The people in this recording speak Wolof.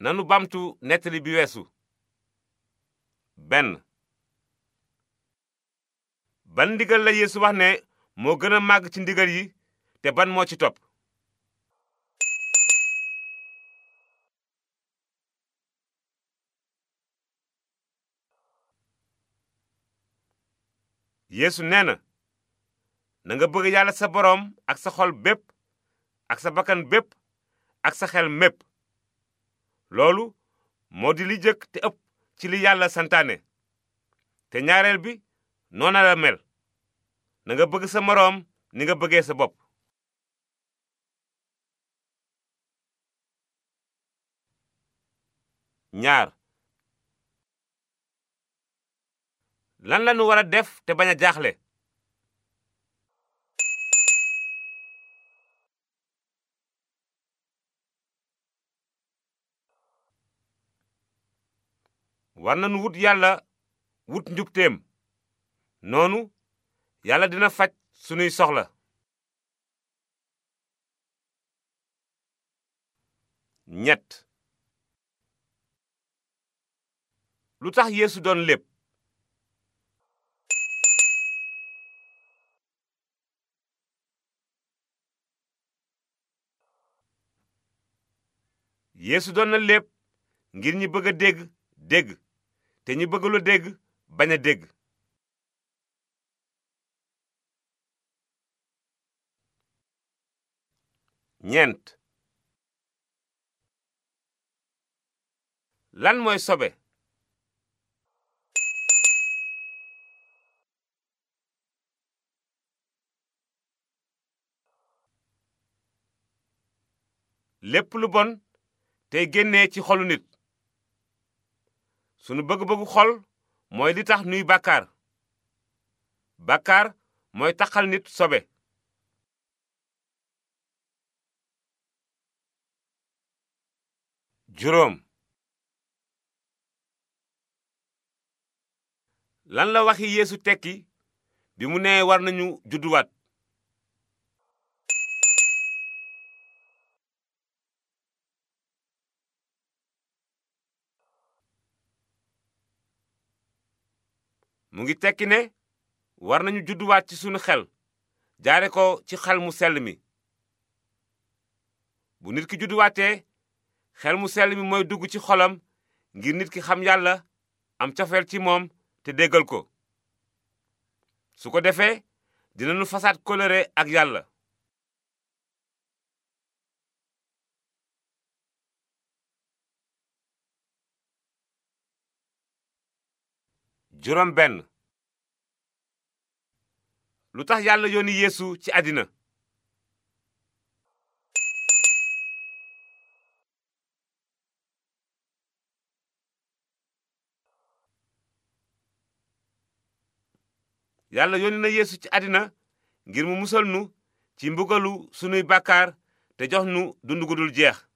nanu bamtu nettali bi weesu benn ban ndigal la yeesu wax ne moo gën a màgg ci ndigal yi te ban moo ci topp yéesu nee na na nga bëgg yàlla sa boroom ak sa xol bépp ak sa bakkan bépp ak sa xel mépp loolu moo di li jëkk te ëpp ci li yàlla santaane te ñaareel bi noona la mel na bëgg sa moroom ni nga bëggee sa bopp ñaar lan lañu war a def te bañ a jaaxle war nañu wut yàlla wut njubteem noonu yàlla dina faj sunuy soxla ñett lu tax yeesu doon lépp yeesu doon na lépp ngir ñi bëgg a dégg dégg te ñi bëgg lu dégg bañ a dégg ñeent lan mooy sobe lépp lu bon tey génnee ci xolu nit sunu bëgg-bëggu xol mooy li tax nuy bàkkaar bàkkaar mooy taxal nit sobe juróom lan la waxi yéesu tekki bi mu nee war nañu judduwaat mu ngi tekki ne war nañu judduwaat ci sunu xel jaare ko ci xel mu sell mi bu nit ki judduwaatee xel mu sell mi mooy dugg ci xolam ngir nit ki xam yàlla am cofeel ci moom te déggal ko su ko defee dinañu fasaat kóllëre ak yàlla juróom lu tax yàlla yónni yeesu ci àddina yàlla yónni na yeesu ci àddina ngir mu musal nu ci mbugalu sunuy bàkkaar te jox nu dund gu jeex